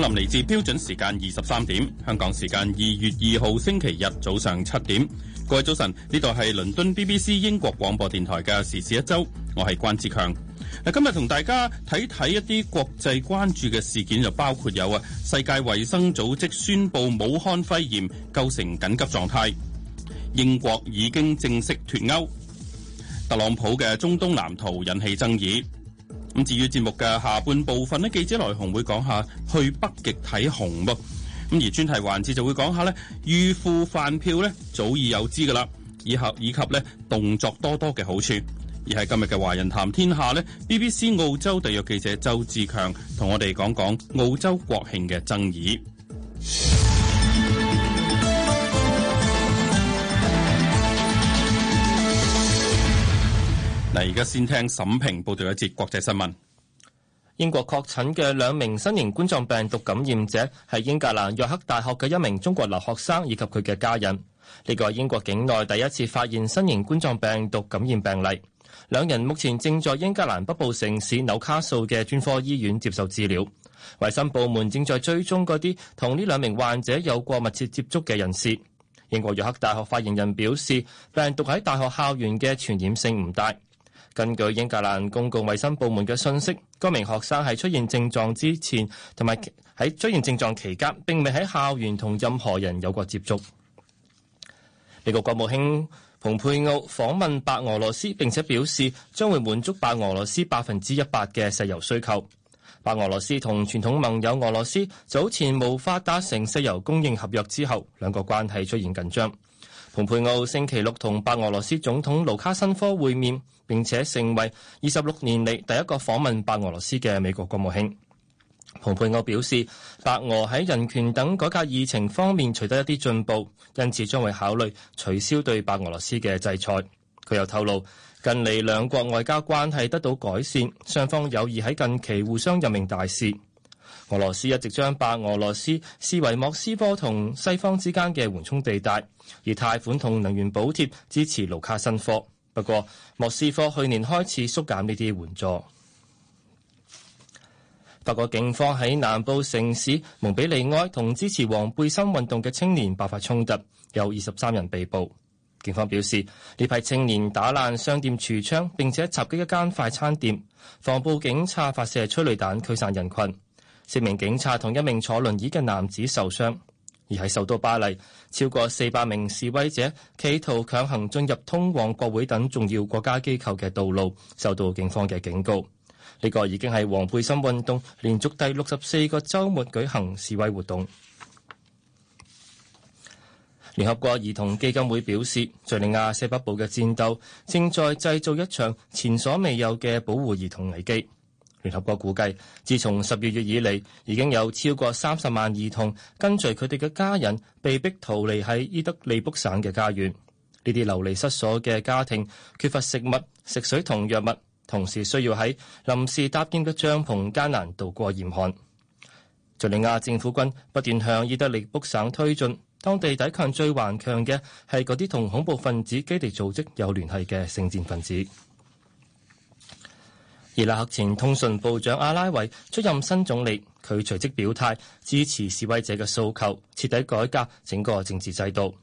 林嚟自標準時間二十三點，香港時間二月二號星期日早上七點。各位早晨，呢度係倫敦 BBC 英國廣播電台嘅《時事一周》，我係關志強。嗱，今日同大家睇睇一啲國際關注嘅事件，就包括有啊，世界衞生組織宣布武漢肺炎構成緊急狀態；英國已經正式脫歐；特朗普嘅中東藍圖引起爭議。咁至於節目嘅下半部分呢，記者來紅會講下去北極睇熊噃，咁而專題環節就會講下預付飯票早已有之噶啦，以及以及動作多多嘅好處，而係今日嘅華人談天下呢，BBC 澳洲地約記者周志強同我哋講講澳洲國慶嘅爭議。嗱，而家先聽沈平報道一節國際新聞。英國確診嘅兩名新型冠狀病毒感染者係英格蘭約克大學嘅一名中國留學生以及佢嘅家人。呢個係英國境內第一次發現新型冠狀病毒感染病例。兩人目前正在英格蘭北部城市紐卡素嘅專科醫院接受治療。衛生部門正在追蹤嗰啲同呢兩名患者有過密切接觸嘅人士。英國約克大學發言人表示，病毒喺大學校園嘅傳染性唔大。根據英格蘭公共衛生部門嘅信息，該名學生喺出現症狀之前同埋喺出現症狀期間並未喺校園同任何人有過接觸。美國國務卿蓬佩奧訪問白俄羅斯，並且表示將會滿足白俄羅斯百分之一百嘅石油需求。白俄羅斯同傳統盟友俄羅斯早前無法達成石油供應合約之後，兩國關係出現緊張。蓬佩奧星期六同白俄羅斯總統盧卡申科會面，並且成為二十六年嚟第一個訪問白俄羅斯嘅美國國務卿。蓬佩奧表示，白俄喺人權等改革議程方面取得一啲進步，因此將會考慮取消對白俄羅斯嘅制裁。佢又透露，近嚟兩國外交關係得到改善，雙方有意喺近期互相任命大使。俄羅斯一直將白俄羅斯視為莫斯科同西方之間嘅緩衝地帶，而貸款同能源補貼支持盧卡申科。不過，莫斯科去年開始縮減呢啲援助。法國警方喺南部城市蒙比利埃同支持黃背心運動嘅青年爆發衝突，有二十三人被捕。警方表示，呢批青年打爛商店櫥窗，並且襲擊一間快餐店。防暴警察發射催淚彈驅散人群。四名警察同一名坐輪椅嘅男子受傷，而喺首都巴黎超過四百名示威者企圖強行進入通往國會等重要國家機構嘅道路，受到警方嘅警告。呢、這個已經係黃背心運動連續第六十四個週末舉行示威活動。聯合國兒童基金會表示，敍利亞西北部嘅戰鬥正在製造一場前所未有嘅保護兒童危機。聯合國估計，自從十二月以嚟，已經有超過三十萬兒童跟隨佢哋嘅家人被逼逃離喺伊德利卜省嘅家園。呢啲流離失所嘅家庭缺乏食物、食水同藥物，同時需要喺臨時搭建嘅帳篷艱難度過嚴寒。敍利亞政府軍不斷向伊德利卜省推進，當地抵抗最頑強嘅係嗰啲同恐怖分子基地組織有聯繫嘅聖戰分子。伊拉克前通訊部長阿拉維出任新總理，佢隨即表態支持示威者嘅訴求，徹底改革整個政治制度。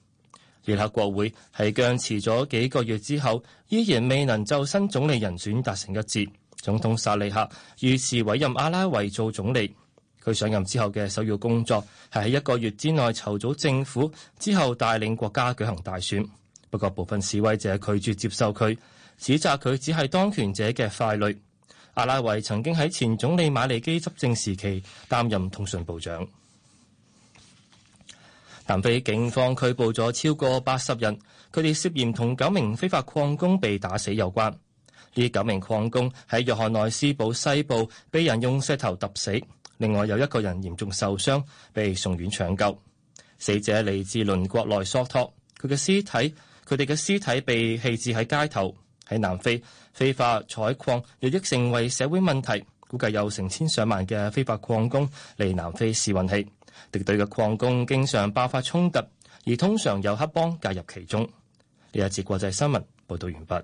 伊拉克國會喺僵持咗幾個月之後，依然未能就新總理人選達成一致。總統薩利赫於是委任阿拉維做總理。佢上任之後嘅首要工作係喺一個月之內籌組政府，之後帶領國家舉行大選，不過部分示威者拒絕接受佢，指責佢只係當權者嘅傀儡。阿拉維曾經喺前總理馬利基執政時期擔任通訊部長。南非警方拘捕咗超過八十人，佢哋涉嫌同九名非法礦工被打死有關。呢九名礦工喺約翰內斯堡西部被人用石頭揼死，另外有一個人嚴重受傷，被送院搶救。死者嚟自鄰國內索托，佢嘅屍體，佢哋嘅屍體被棄置喺街頭，喺南非。非法採礦日益成為社會問題，估計有成千上萬嘅非法礦工嚟南非試運氣。敵對嘅礦工經常爆發衝突，而通常由黑幫介入其中。呢一節國際新聞報道完畢。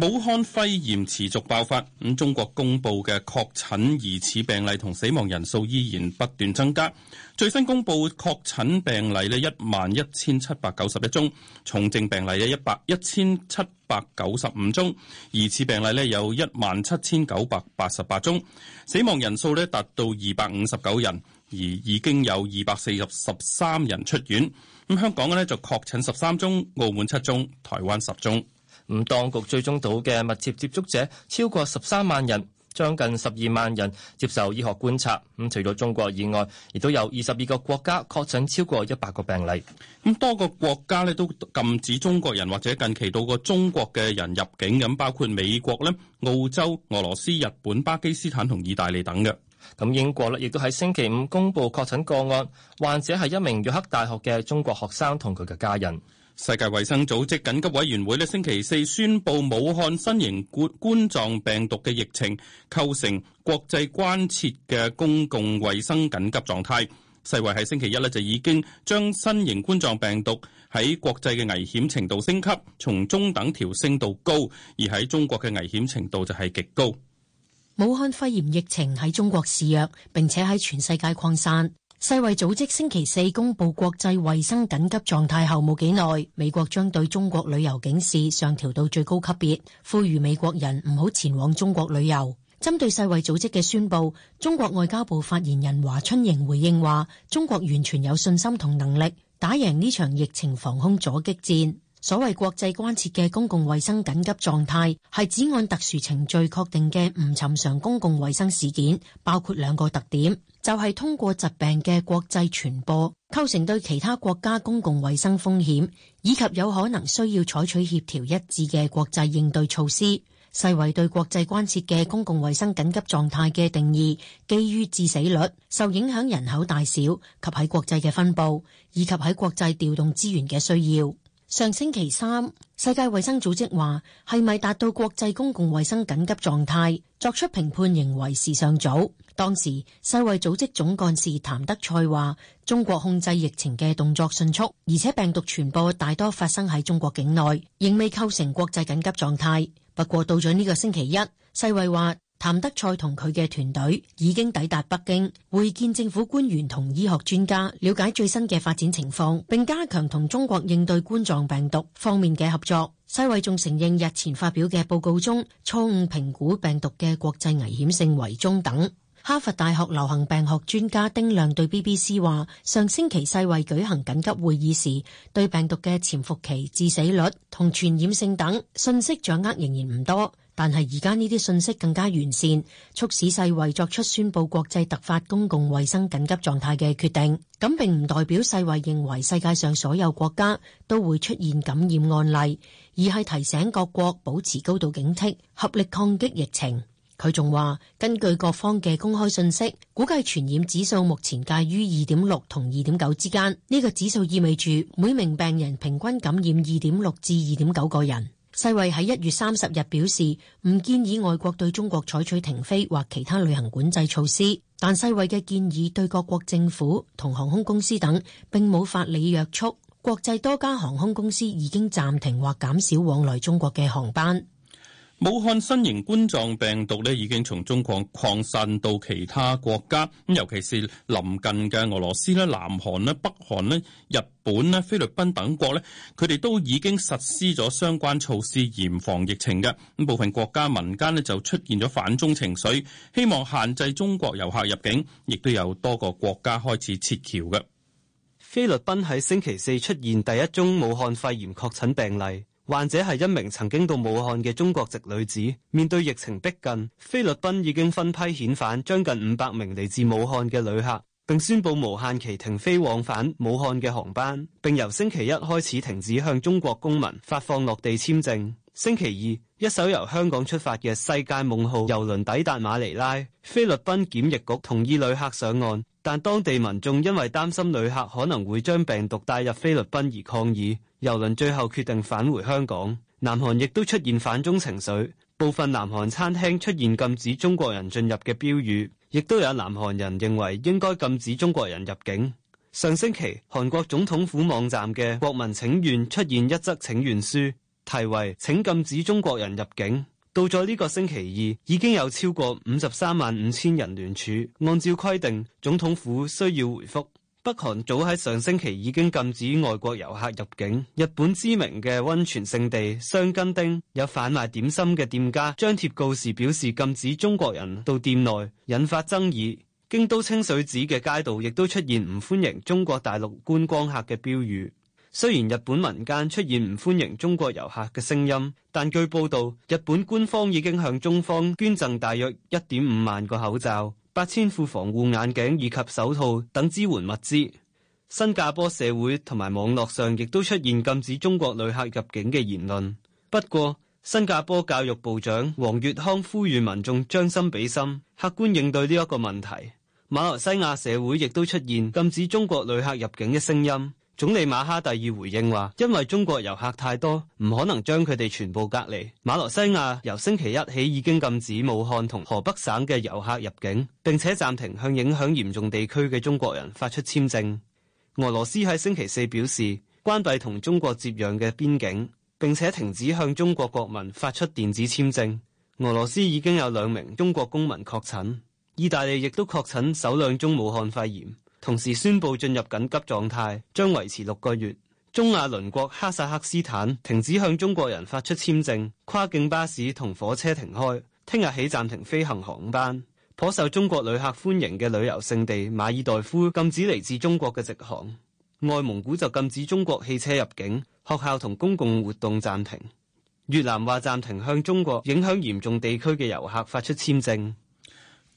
武漢肺炎持續爆發，咁中國公布嘅確診疑似病例同死亡人數依然不斷增加。最新公布確診病例咧一萬一千七百九十一宗，重症病例咧一百一千七百九十五宗，疑似病例咧有一萬七千九百八十八宗，死亡人數咧達到二百五十九人，而已經有二百四十三人出院。咁香港嘅咧就確診十三宗，澳門七宗，台灣十宗。咁當局追蹤到嘅密切接觸者超過十三萬人，將近十二萬人接受醫學觀察。咁除咗中國以外，亦都有二十二個國家確診超過一百個病例。咁多個國家咧都禁止中國人或者近期到過中國嘅人入境。咁包括美國咧、澳洲、俄羅斯、日本、巴基斯坦同意大利等嘅。咁英國咧亦都喺星期五公布確診個案，患者係一名約克大學嘅中國學生同佢嘅家人。世界衛生組織緊急委員會呢，星期四宣布，武漢新型冠冠狀病毒嘅疫情構成國際關切嘅公共衛生緊急狀態。世衛喺星期一呢就已經將新型冠狀病毒喺國際嘅危險程度升級，從中等調升到高，而喺中國嘅危險程度就係極高。武漢肺炎疫情喺中國肆虐，並且喺全世界擴散。世衛組織星期四公布國際衛生緊急狀態後冇幾耐，美國將對中國旅遊警示上調到最高級別，呼籲美國人唔好前往中國旅遊。針對世衛組織嘅宣布，中國外交部發言人華春瑩回應話：中國完全有信心同能力打贏呢場疫情防控阻擊戰。所謂國際關切嘅公共衛生緊急狀態，係指按特殊程序確定嘅唔尋常公共衛生事件，包括兩個特點，就係通過疾病嘅國際傳播構成對其他國家公共衛生風險，以及有可能需要採取協調一致嘅國際應對措施。世衛對國際關切嘅公共衛生緊急狀態嘅定義，基於致死率、受影響人口大小及喺國際嘅分布，以及喺國際調動資源嘅需要。上星期三，世界衛生組織話係咪達到國際公共衛生緊急狀態，作出評判仍為時尚早。當時世衛組織總幹事譚德賽話，中國控制疫情嘅動作迅速，而且病毒傳播大多發生喺中國境內，仍未構成國際緊急狀態。不過到咗呢個星期一，世衛話。譚德賽同佢嘅團隊已經抵達北京，會見政府官員同醫學專家，了解最新嘅發展情況，並加強同中國應對冠狀病毒方面嘅合作。世衛仲承認日前發表嘅報告中錯誤評估病毒嘅國際危險性為中等。哈佛大學流行病學專家丁亮對 BBC 話，上星期世衛舉行緊急會議時，對病毒嘅潛伏期、致死率同傳染性等信息掌握仍然唔多。但係而家呢啲信息更加完善，促使世衛作出宣布國際突發公共衛生緊急狀態嘅決定。咁並唔代表世衛認為世界上所有國家都會出現感染案例，而係提醒各國保持高度警惕，合力抗擊疫情。佢仲話，根據各方嘅公開信息，估計傳染指數目前介於二點六同二點九之間。呢個指數意味住每名病人平均感染二點六至二點九個人。世衛喺一月三十日表示，唔建議外國對中國採取停飛或其他旅行管制措施，但世衛嘅建議對各國政府同航空公司等，並冇法理約束。國際多家航空公司已經暫停或減少往來中國嘅航班。武漢新型冠狀病毒咧已經從中國擴散到其他國家，咁尤其是臨近嘅俄羅斯啦、南韓啦、北韓啦、日本啦、菲律賓等國咧，佢哋都已經實施咗相關措施，嚴防疫情嘅。咁部分國家民間就出現咗反中情緒，希望限制中國遊客入境，亦都有多個國家開始撤僑嘅。菲律賓喺星期四出現第一宗武漢肺炎確診病例。患者係一名曾經到武漢嘅中國籍女子。面對疫情逼近，菲律賓已經分批遣返將近五百名嚟自武漢嘅旅客，並宣布無限期停飛往返武漢嘅航班，並由星期一開始停止向中國公民發放落地簽證。星期二，一艘由香港出發嘅世界夢號郵輪抵達馬尼拉，菲律賓檢疫局同意旅客上岸。但當地民眾因為擔心旅客可能會將病毒帶入菲律賓而抗議，郵輪最後決定返回香港。南韓亦都出現反中情緒，部分南韓餐廳出現禁止中國人進入嘅標語，亦都有南韓人認為應該禁止中國人入境。上星期，韓國總統府網站嘅國民請願出現一則請願書，題為「請禁止中國人入境」。到咗呢個星期二，已經有超過五十三萬五千人聯署。按照規定，總統府需要回覆。北韓早喺上星期已經禁止外國遊客入境。日本知名嘅溫泉勝地箱根町有販賣點心嘅店家張貼告示，表示禁止中國人到店內，引發爭議。京都清水寺嘅街道亦都出現唔歡迎中國大陸觀光客嘅標語。雖然日本民間出現唔歡迎中國遊客嘅聲音，但據報道，日本官方已經向中方捐贈大約一點五萬個口罩、八千副防護眼鏡以及手套等支援物資。新加坡社會同埋網絡上亦都出現禁止中國旅客入境嘅言論。不過，新加坡教育部長王乙康呼籲民眾將心比心，客觀應對呢一個問題。馬來西亞社會亦都出現禁止中國旅客入境嘅聲音。總理馬哈蒂爾回應話，因為中國遊客太多，唔可能將佢哋全部隔離。馬來西亞由星期一起已經禁止武漢同河北省嘅遊客入境，並且暫停向影響嚴重地區嘅中國人發出簽證。俄羅斯喺星期四表示，關閉同中國接壤嘅邊境，並且停止向中國國民發出電子簽證。俄羅斯已經有兩名中國公民確診，意大利亦都確診首兩宗武漢肺炎。同時宣布進入緊急狀態，將維持六個月。中亞鄰國哈薩克斯坦停止向中國人發出簽證，跨境巴士同火車停開。聽日起暫停飛行航班。頗受中國旅客歡迎嘅旅遊勝地馬爾代夫禁止嚟自中國嘅直航。外蒙古就禁止中國汽車入境，學校同公共活動暫停。越南話暫停向中國影響嚴重地區嘅遊客發出簽證。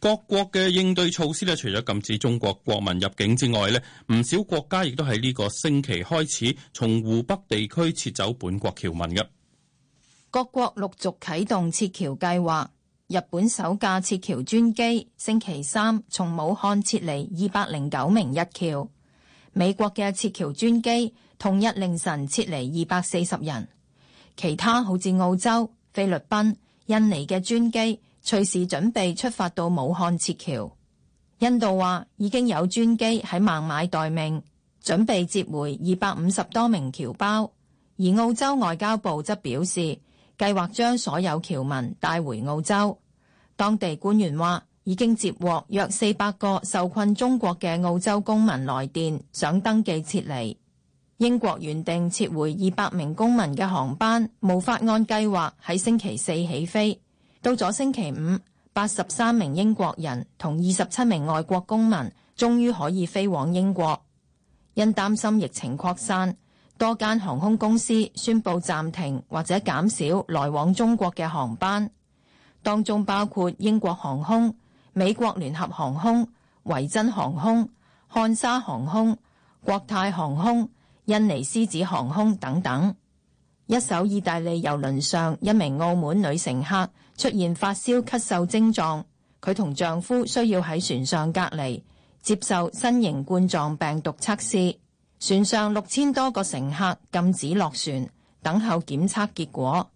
各國嘅應對措施呢，除咗禁止中國國民入境之外咧，唔少國家亦都喺呢個星期開始從湖北地區撤走本國僑民嘅。各國陸續啟動撤僑計劃，日本首架撤僑專機星期三從武漢撤離二百零九名日僑，美國嘅撤僑專機同一凌晨撤離二百四十人，其他好似澳洲、菲律賓、印尼嘅專機。隨時準備出發到武漢撤僑。印度話已經有專機喺孟買待命，準備接回二百五十多名僑胞。而澳洲外交部則表示，計劃將所有僑民帶回澳洲。當地官員話已經接獲約四百個受困中國嘅澳洲公民來電，想登記撤離。英國原定撤回二百名公民嘅航班，無法按計劃喺星期四起飛。到咗星期五，八十三名英國人同二十七名外國公民終於可以飛往英國。因擔心疫情擴散，多間航空公司宣布暫停或者減少來往中國嘅航班，當中包括英國航空、美國聯合航空、維珍航空、漢莎航空、國泰航空、印尼獅子航空等等。一艘意大利郵輪上一名澳門女乘客出現發燒、咳嗽症狀，佢同丈夫需要喺船上隔離接受新型冠狀病毒測試。船上六千多個乘客禁止落船，等候檢測結果。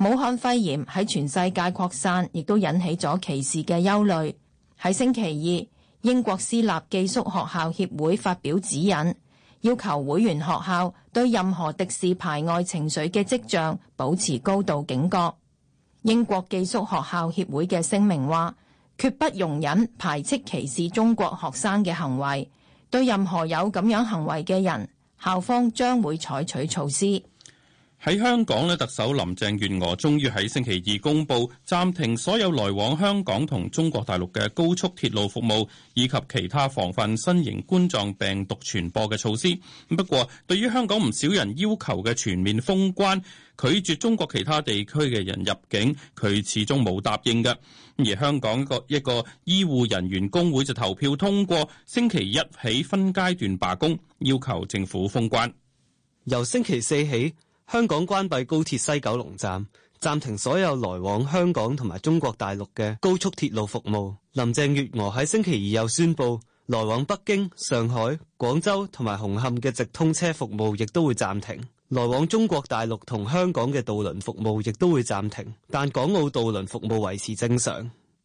武漢肺炎喺全世界擴散，亦都引起咗歧視嘅憂慮。喺星期二，英國私立寄宿學校協會發表指引。要求會員學校對任何敵視排外情緒嘅跡象保持高度警覺。英國寄宿學校協會嘅聲明話，決不容忍排斥歧視中國學生嘅行為，對任何有咁樣行為嘅人，校方將會採取措施。喺香港咧，特首林鄭月娥終於喺星期二公布暫停所有來往香港同中國大陸嘅高速鐵路服務，以及其他防範新型冠狀病毒傳播嘅措施。不過，對於香港唔少人要求嘅全面封關、拒絕中國其他地區嘅人入境，佢始終冇答應嘅。而香港一個一個醫護人員工會就投票通過，星期一起分階段罷工，要求政府封關，由星期四起。香港關閉高鐵西九龍站，暫停所有來往香港同埋中國大陸嘅高速鐵路服務。林鄭月娥喺星期二又宣布，來往北京、上海、廣州同埋紅磡嘅直通車服務亦都會暫停。來往中國大陸同香港嘅渡輪服務亦都會暫停，但港澳渡輪服務維持正常。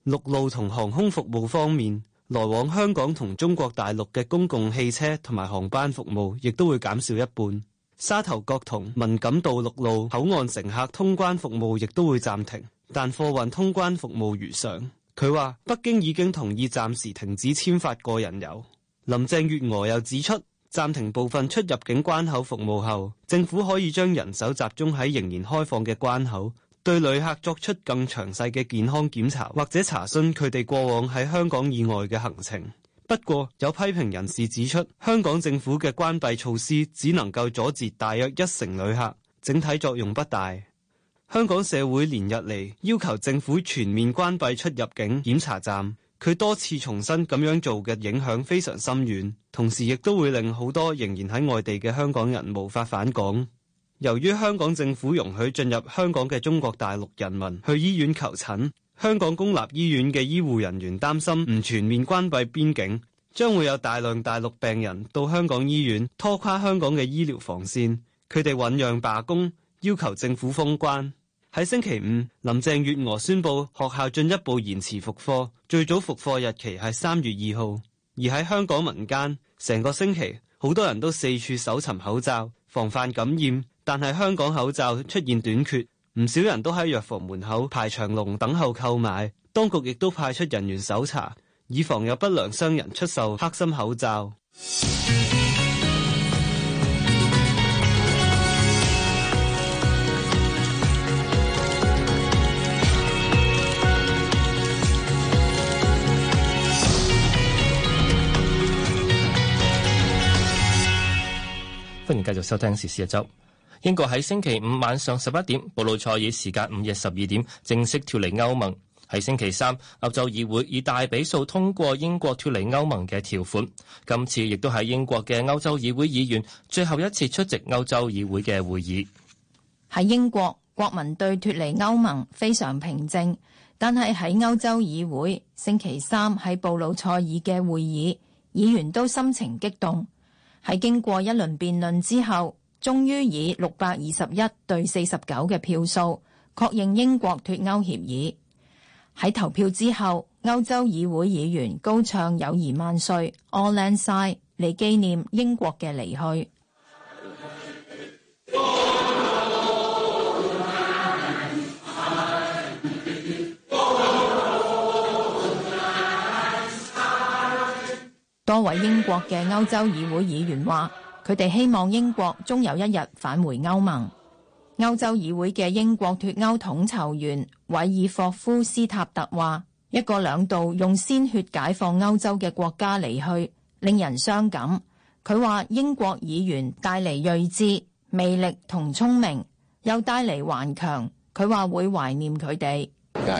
陸路同航空服務方面，來往香港同中國大陸嘅公共汽車同埋航班服務亦都會減少一半。沙頭角同文錦渡陸路口岸乘客通關服務亦都會暫停，但貨運通關服務如常。佢話北京已經同意暫時停止簽發個人遊。林鄭月娥又指出，暫停部分出入境關口服務後，政府可以將人手集中喺仍然開放嘅關口，對旅客作出更詳細嘅健康檢查，或者查詢佢哋過往喺香港以外嘅行程。不過，有批評人士指出，香港政府嘅關閉措施只能夠阻截大約一成旅客，整體作用不大。香港社會連日嚟要求政府全面關閉出入境檢查站，佢多次重申咁樣做嘅影響非常深遠，同時亦都會令好多仍然喺外地嘅香港人無法返港。由於香港政府容許進入香港嘅中國大陸人民去醫院求診。香港公立醫院嘅醫護人員擔心唔全面關閉邊境，將會有大量大陸病人到香港醫院拖垮香港嘅醫療防線。佢哋醞釀罷工，要求政府封關。喺星期五，林鄭月娥宣布學校進一步延遲復課，最早復課日期係三月二號。而喺香港民間，成個星期好多人都四處搜尋口罩，防範感染，但係香港口罩出現短缺。唔少人都喺藥房門口排長龍等候購買，當局亦都派出人員搜查，以防有不良商人出售黑心口罩。歡迎繼續收聽時事一周。英國喺星期五晚上十一點，布魯塞爾時間午夜十二點正式脫離歐盟。喺星期三歐洲議會以大比數通過英國脫離歐盟嘅條款。今次亦都係英國嘅歐洲議會議員最後一次出席歐洲議會嘅會議。喺英國國民對脫離歐盟非常平靜，但係喺歐洲議會星期三喺布魯塞爾嘅會議，議員都心情激動。喺經過一輪辯論之後。終於以六百二十一對四十九嘅票數確認英國脫歐協議。喺投票之後，歐洲議會議員高唱友誼萬歲 Auld Lang Syne 嚟紀念英國嘅離去。多位英國嘅歐洲議會議員話。佢哋希望英國終有一日返回歐盟。歐洲議會嘅英國脫歐統籌員韋爾霍夫斯塔特話：一個兩度用鮮血解放歐洲嘅國家離去，令人傷感。佢話英國議員帶嚟睿智、魅力同聰明，又帶嚟頑強。佢話會懷念佢哋。Yeah,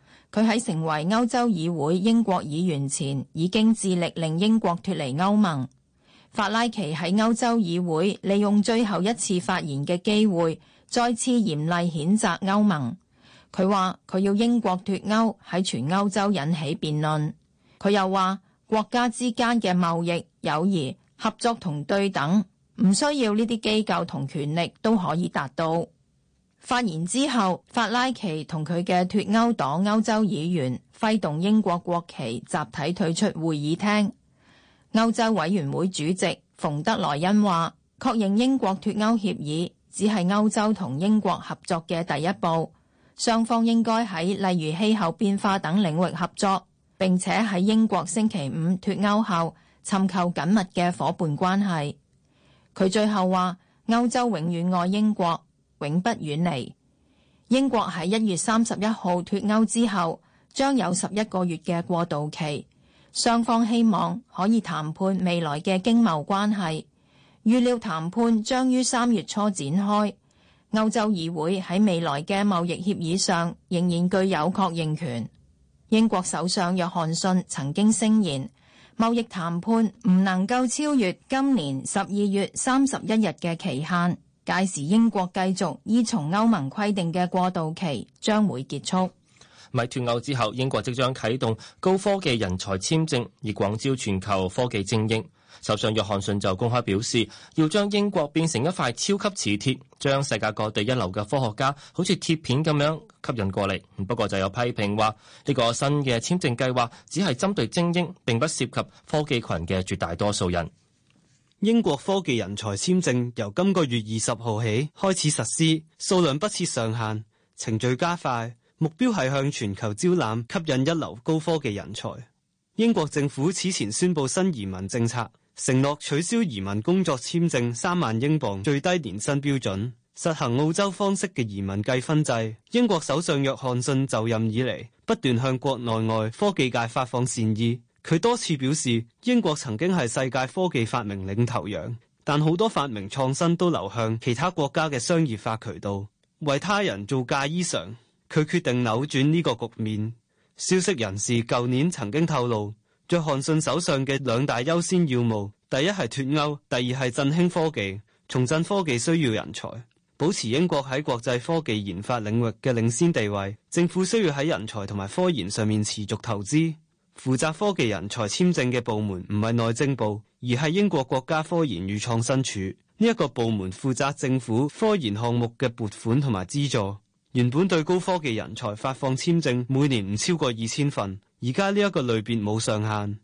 佢喺成為歐洲議會英國議員前，已經致力令英國脫離歐盟。法拉奇喺歐洲議會利用最後一次發言嘅機會，再次嚴厲譴責歐盟。佢話佢要英國脫歐喺全歐洲引起辯論。佢又話國家之間嘅貿易、友誼、合作同對等，唔需要呢啲機構同權力都可以達到。發言之後，法拉奇同佢嘅脫歐黨歐洲議員揮動英國國旗，集體退出會議廳。歐洲委員會主席馮德萊恩話，確認英國脫歐協議只係歐洲同英國合作嘅第一步，雙方應該喺例如氣候變化等領域合作，並且喺英國星期五脫歐後尋求緊密嘅夥伴關係。佢最後話，歐洲永遠愛英國。永不遠離。英國喺一月三十一號脱歐之後，將有十一個月嘅過渡期。雙方希望可以談判未來嘅經貿關係。預料談判將於三月初展開。歐洲議會喺未來嘅貿易協議上仍然具有確認權。英國首相約翰遜曾經聲言，貿易談判唔能夠超越今年十二月三十一日嘅期限。屆時英國繼續依從歐盟規定嘅過渡期將會結束。咪脫歐之後，英國即將啟動高科技人才簽證，而廣招全球科技精英。首相約翰遜就公開表示，要將英國變成一塊超級磁鐵，將世界各地一流嘅科學家好似鐵片咁樣吸引過嚟。不過就有批評話，呢個新嘅簽證計劃只係針對精英，並不涉及科技群嘅絕大多數人。英國科技人才簽證由今個月二十號起開始實施，數量不設上限，程序加快，目標係向全球招攬、吸引一流高科技人才。英國政府此前宣布新移民政策，承諾取消移民工作簽證三萬英鎊最低年薪標準，實行澳洲方式嘅移民計分制。英國首相約翰遜就任以嚟，不斷向國內外科技界發放善意。佢多次表示，英國曾經係世界科技發明領頭羊，但好多發明創新都流向其他國家嘅商業化渠道，為他人做嫁衣裳。佢決定扭轉呢個局面。消息人士舊年曾經透露，約翰遜手上嘅兩大優先要務，第一係脱歐，第二係振興科技。重振科技需要人才，保持英國喺國際科技研發領域嘅領先地位，政府需要喺人才同埋科研上面持續投資。負責科技人才簽證嘅部門唔係內政部，而係英國國家科研與創新處。呢一個部門負責政府科研項目嘅撥款同埋資助。原本對高科技人才發放簽證每年唔超過二千份，而家呢一個類別冇上限。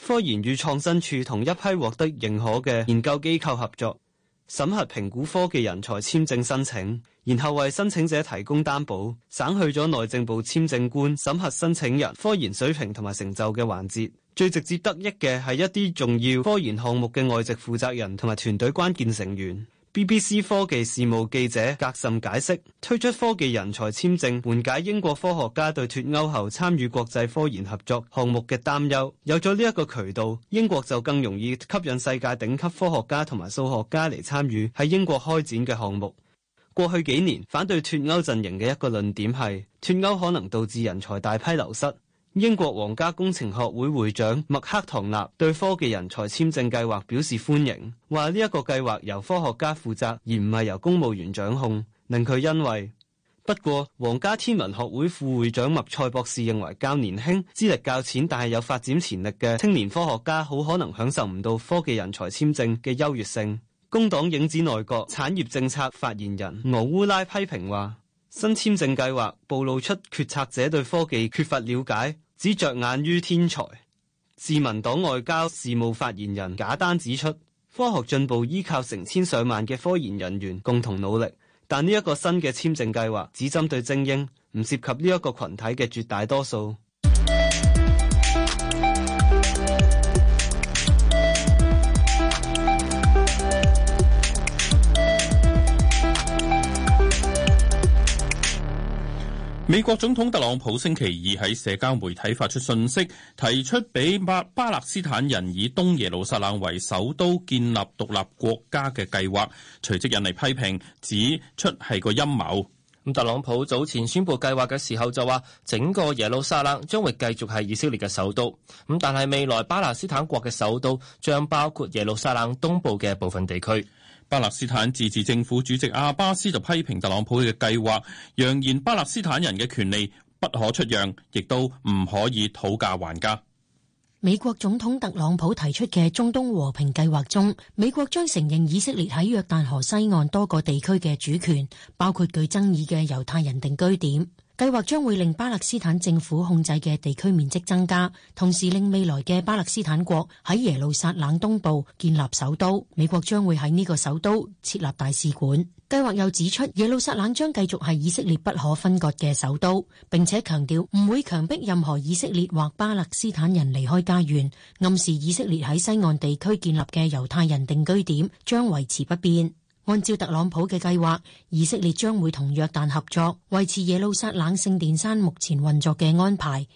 科研與創新處同一批獲得認可嘅研究機構合作。審核評估科技人才簽證申請，然後為申請者提供擔保，省去咗內政部簽證官審核申請人科研水平同埋成就嘅環節。最直接得益嘅係一啲重要科研項目嘅外籍負責人同埋團隊關鍵成員。BBC 科技事務記者格什解釋，推出科技人才簽證，緩解英國科學家對脫歐後參與國際科研合作項目嘅擔憂。有咗呢一個渠道，英國就更容易吸引世界頂級科學家同埋數學家嚟參與喺英國開展嘅項目。過去幾年，反對脫歐陣營嘅一個論點係，脫歐可能導致人才大批流失。英國皇家工程學會會長麥克唐納對科技人才簽證計劃表示歡迎，話呢一個計劃由科學家負責，而唔係由公務員掌控，令佢欣慰。不過，皇家天文學會副會長麥塞博士認為，較年輕、資歷較淺但係有發展潛力嘅青年科學家，好可能享受唔到科技人才簽證嘅優越性。工黨影子內閣產業政策發言人俄烏拉批評話：新簽證計劃暴露出決策者對科技缺乏了解，只着眼於天才。自民黨外交事務發言人賈丹指出，科學進步依靠成千上萬嘅科研人員共同努力，但呢一個新嘅簽證計劃只針對精英，唔涉及呢一個群體嘅絕大多數。美國總統特朗普星期二喺社交媒體發出訊息，提出俾巴巴勒斯坦人以東耶路撒冷為首都建立獨立國家嘅計劃，隨即引嚟批評，指出係個陰謀。咁特朗普早前宣布計劃嘅時候就話，整個耶路撒冷將會繼續係以色列嘅首都。咁但係未來巴勒斯坦國嘅首都將包括耶路撒冷東部嘅部分地區。巴勒斯坦自治政府主席阿巴斯就批評特朗普嘅計劃，揚言巴勒斯坦人嘅權利不可出讓，亦都唔可以討價還價。美國總統特朗普提出嘅中東和平計劃中，美國將承認以色列喺約旦河西岸多個地區嘅主權，包括具爭議嘅猶太人定居點。計劃將會令巴勒斯坦政府控制嘅地區面積增加，同時令未來嘅巴勒斯坦國喺耶路撒冷東部建立首都。美國將會喺呢個首都設立大使館。計劃又指出，耶路撒冷將繼續係以色列不可分割嘅首都，並且強調唔會強迫任何以色列或巴勒斯坦人離開家園。暗示以色列喺西岸地區建立嘅猶太人定居點將維持不變。按照特朗普嘅計劃，以色列將會同約旦合作，維持耶路撒冷聖殿山目前運作嘅安排。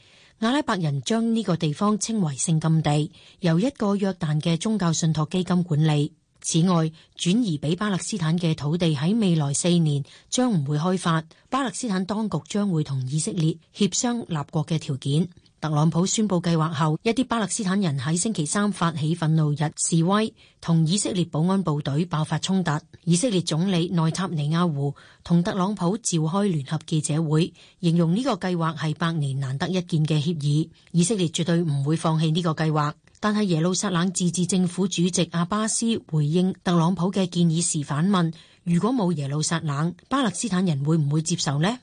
阿拉伯人將呢個地方稱為聖禁地，由一個約旦嘅宗教信託基金管理。此外，轉移俾巴勒斯坦嘅土地喺未來四年將唔會開發，巴勒斯坦當局將會同以色列協商立國嘅條件。特朗普宣佈計劃後，一啲巴勒斯坦人喺星期三發起憤怒日示威，同以色列保安部隊爆發衝突。以色列總理內塔尼亞胡同特朗普召開聯合記者會，形容呢個計劃係百年難得一見嘅協議，以色列絕對唔會放棄呢個計劃。但係耶路撒冷自治政府主席阿巴斯回應特朗普嘅建議時，反問：如果冇耶路撒冷，巴勒斯坦人會唔會接受呢？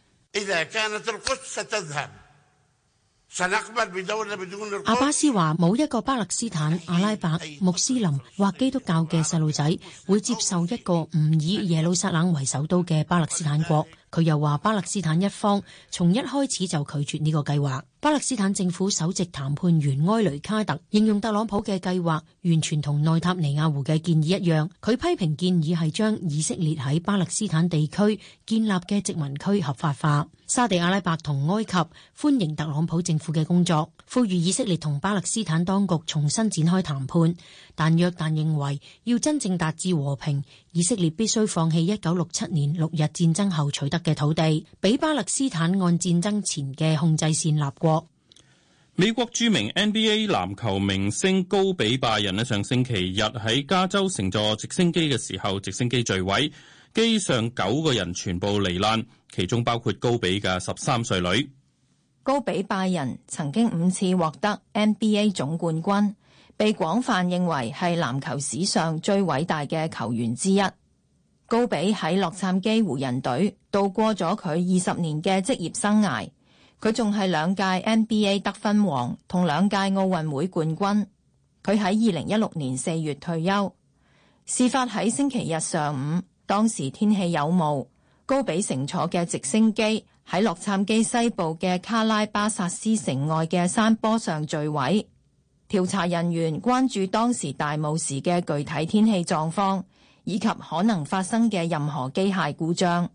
阿巴斯話：冇一個巴勒斯坦、阿拉伯、穆斯林或基督教嘅細路仔會接受一個唔以耶路撒冷為首都嘅巴勒斯坦國。佢又話：巴勒斯坦一方從一開始就拒絕呢個計劃。巴勒斯坦政府首席談判員埃雷卡特形容特朗普嘅計劃完全同內塔尼亞胡嘅建議一樣。佢批評建議係將以色列喺巴勒斯坦地區建立嘅殖民區合法化。沙地阿拉伯同埃及歡迎特朗普政府嘅工作，呼籲以色列同巴勒斯坦當局重新展開談判。但約旦認為要真正達至和平，以色列必須放棄一九六七年六日戰爭後取得嘅土地，畀巴勒斯坦按戰爭前嘅控制綫立國。美國著名 NBA 籃球明星高比拜仁咧，上星期日喺加州乘坐直升機嘅時候，直升機墜毀，機上九個人全部罹難，其中包括高比嘅十三歲女。高比拜仁曾經五次獲得 NBA 總冠軍。被廣泛認為係籃球史上最偉大嘅球員之一，高比喺洛杉磯湖人隊度過咗佢二十年嘅職業生涯。佢仲係兩屆 NBA 得分王同兩屆奧運會冠軍。佢喺二零一六年四月退休。事發喺星期日上午，當時天氣有霧，高比乘坐嘅直升機喺洛杉磯西部嘅卡拉巴薩斯城外嘅山坡上墜毀。調查人員關注當時大霧時嘅具體天氣狀況，以及可能發生嘅任何機械故障。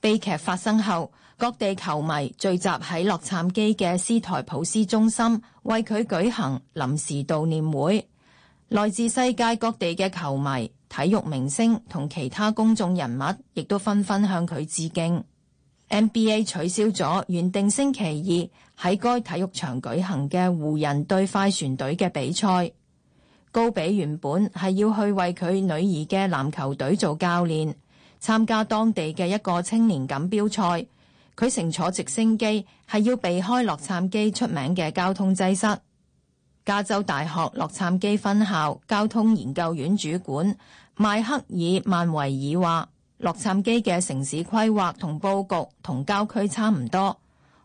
悲劇發生後，各地球迷聚集喺洛杉磯嘅斯台普斯中心為佢舉行臨時悼念會。來自世界各地嘅球迷、體育明星同其他公眾人物，亦都紛紛向佢致敬。NBA 取消咗原定星期二。喺該體育場舉行嘅湖人對快船隊嘅比賽，高比原本係要去為佢女兒嘅籃球隊做教練，參加當地嘅一個青年錦標賽。佢乘坐直升機係要避開洛杉磯出名嘅交通擠塞。加州大學洛杉磯分校交通研究院主管邁克爾曼維爾話，洛杉磯嘅城市規劃同布局同郊區差唔多。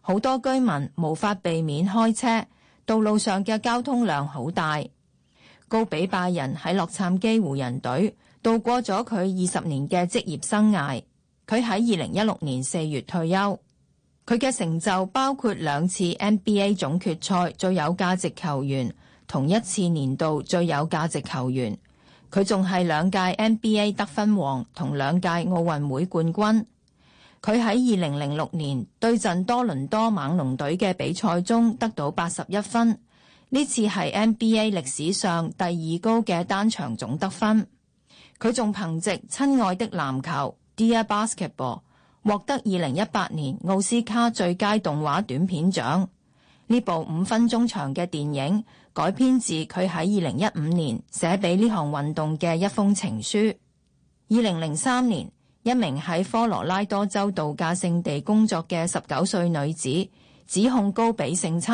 好多居民無法避免開車，道路上嘅交通量好大。高比拜仁喺洛杉磯湖人隊度過咗佢二十年嘅職業生涯，佢喺二零一六年四月退休。佢嘅成就包括兩次 NBA 總決賽最有價值球員同一次年度最有價值球員，佢仲係兩屆 NBA 得分王同兩屆奧運會冠軍。佢喺二零零六年對陣多倫多猛龍隊嘅比賽中得到八十一分，呢次係 NBA 歷史上第二高嘅單場總得分。佢仲憑借《親愛的籃球》（Dear Basketball） 獲得二零一八年奧斯卡最佳動畫短片獎。呢部五分鐘長嘅電影改編自佢喺二零一五年寫俾呢項運動嘅一封情書。二零零三年。一名喺科羅拉多州度假勝地工作嘅十九歲女子指控高比性侵，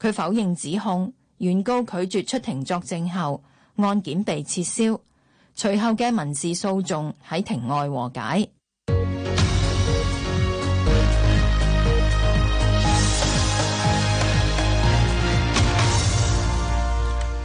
佢否認指控。原告拒絕出庭作證後，案件被撤銷。隨後嘅民事訴訟喺庭外和解。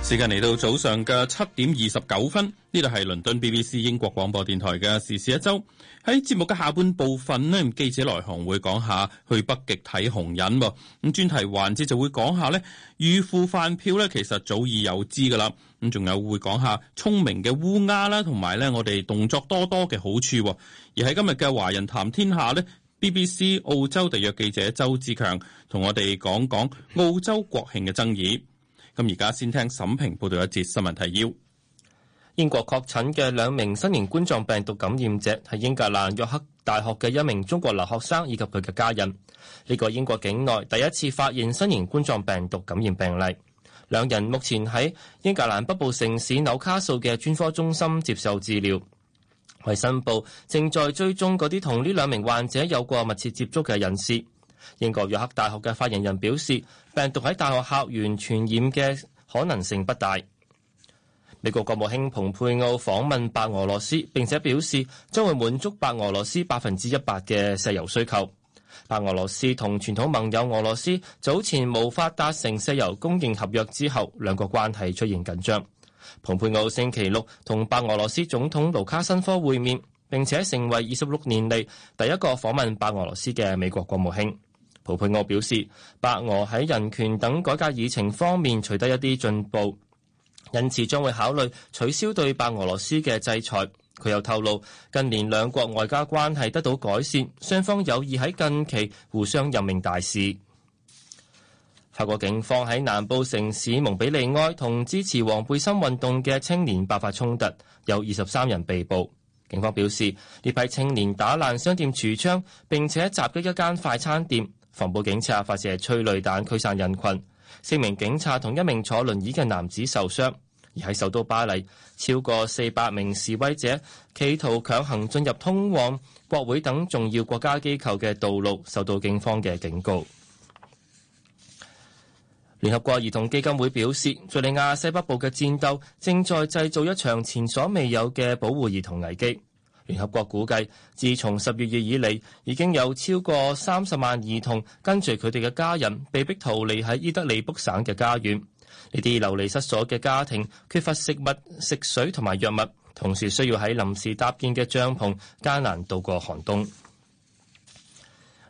時間嚟到早上嘅七點二十九分，呢度係倫敦 BBC 英國廣播電台嘅時事一周。喺節目嘅下半部分呢，記者來航會講下去北極睇紅人，咁專題環節就會講下呢預付飯票呢其實早已有之噶啦。咁仲有會講下聰明嘅烏鴉啦，同埋呢我哋動作多多嘅好處。而喺今日嘅華人談天下呢，BBC 澳洲特約記者周志強同我哋講講澳洲國慶嘅爭議。咁而家先聽沈平報道一節新聞提要。英國確診嘅兩名新型冠狀病毒感染者係英格蘭約克大學嘅一名中國留學生，以及佢嘅家人。呢個英國境內第一次發現新型冠狀病毒感染病例，兩人目前喺英格蘭北部城市紐卡素嘅專科中心接受治療。衛生部正在追蹤嗰啲同呢兩名患者有過密切接觸嘅人士。英國約克大學嘅發言人表示，病毒喺大學校園傳染嘅可能性不大。美國國務卿蓬佩奧訪問白俄羅斯，並且表示將會滿足白俄羅斯百分之一百嘅石油需求。白俄羅斯同傳統盟友俄羅斯早前無法達成石油供應合約之後，兩國關係出現緊張。蓬佩奧星期六同白俄羅斯總統盧卡申科會面，並且成為二十六年嚟第一個訪問白俄羅斯嘅美國國務卿。普佩奧表示，白俄喺人權等改革議程方面取得一啲進步，因此將會考慮取消對白俄羅斯嘅制裁。佢又透露，近年兩國外交關係得到改善，雙方有意喺近期互相任命大使。法國警方喺南部城市蒙彼利埃同支持黃背心運動嘅青年爆發衝突，有二十三人被捕。警方表示，呢批青年打爛商店櫥窗，並且襲擊一間快餐店。防暴警察發射催淚彈驅散人群，四名警察同一名坐輪椅嘅男子受傷。而喺首都巴黎，超過四百名示威者企圖強行進入通往國會等重要國家機構嘅道路，受到警方嘅警告。聯合國兒童基金會表示，敘利亞西北部嘅戰鬥正在製造一場前所未有嘅保護兒童危機。聯合國估計，自從十月月以嚟，已經有超過三十萬兒童跟隨佢哋嘅家人被迫逃離喺伊德利卜省嘅家園。呢啲流離失所嘅家庭缺乏食物、食水同埋藥物，同時需要喺臨時搭建嘅帳篷艱難度過寒冬。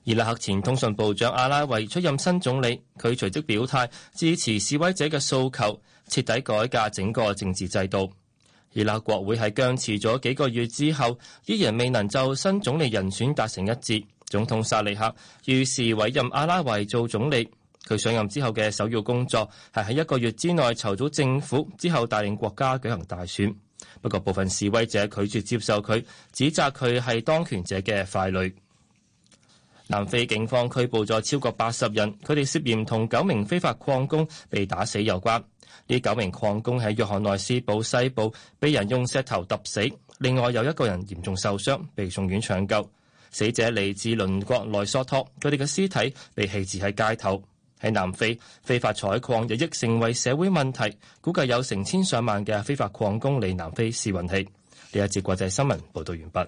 而伊拉克前通訊部長阿拉維出任新總理，佢隨即表態支持示威者嘅訴求，徹底改革整個政治制度。伊拉克國會喺僵持咗幾個月之後，依然未能就新總理人選達成一致。總統薩利克於是委任阿拉維做總理。佢上任之後嘅首要工作係喺一個月之內籌組政府，之後帶領國家舉行大選。不過，部分示威者拒絕接受佢，指責佢係當權者嘅傀儡。南非警方拘捕咗超過八十人，佢哋涉嫌同九名非法礦工被打死有關。呢九名礦工喺約翰內斯堡西部被人用石頭揼死，另外有一個人嚴重受傷，被送院搶救。死者嚟自鄰國內索托，佢哋嘅屍體被棄置喺街頭。喺南非，非法採礦日益成為社會問題，估計有成千上萬嘅非法礦工嚟南非試運氣。呢一節國際新聞報道完畢。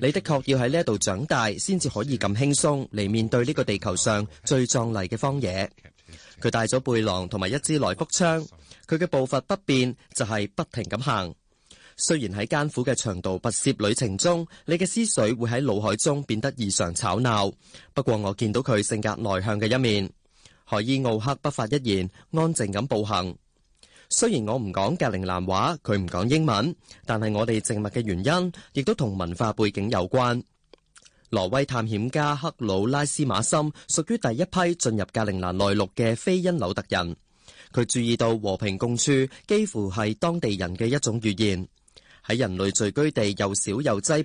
你的確要喺呢度長大，先至可以咁輕鬆嚟面對呢個地球上最壯麗嘅荒野。佢帶咗背囊同埋一支來福槍，佢嘅步伐不變，就係不停咁行。雖然喺艱苦嘅長途跋涉旅程中，你嘅思緒會喺腦海中變得異常吵鬧。不過我見到佢性格內向嘅一面，海伊奧克不發一言，安靜咁步行。雖然我唔講格陵蘭話，佢唔講英文，但係我哋靜默嘅原因，亦都同文化背景有關。挪威探險家克魯拉斯馬森屬於第一批進入格陵蘭內陸嘅非因紐特人。佢注意到和平共處幾乎係當地人嘅一種語言。喺人類聚居地又少又擠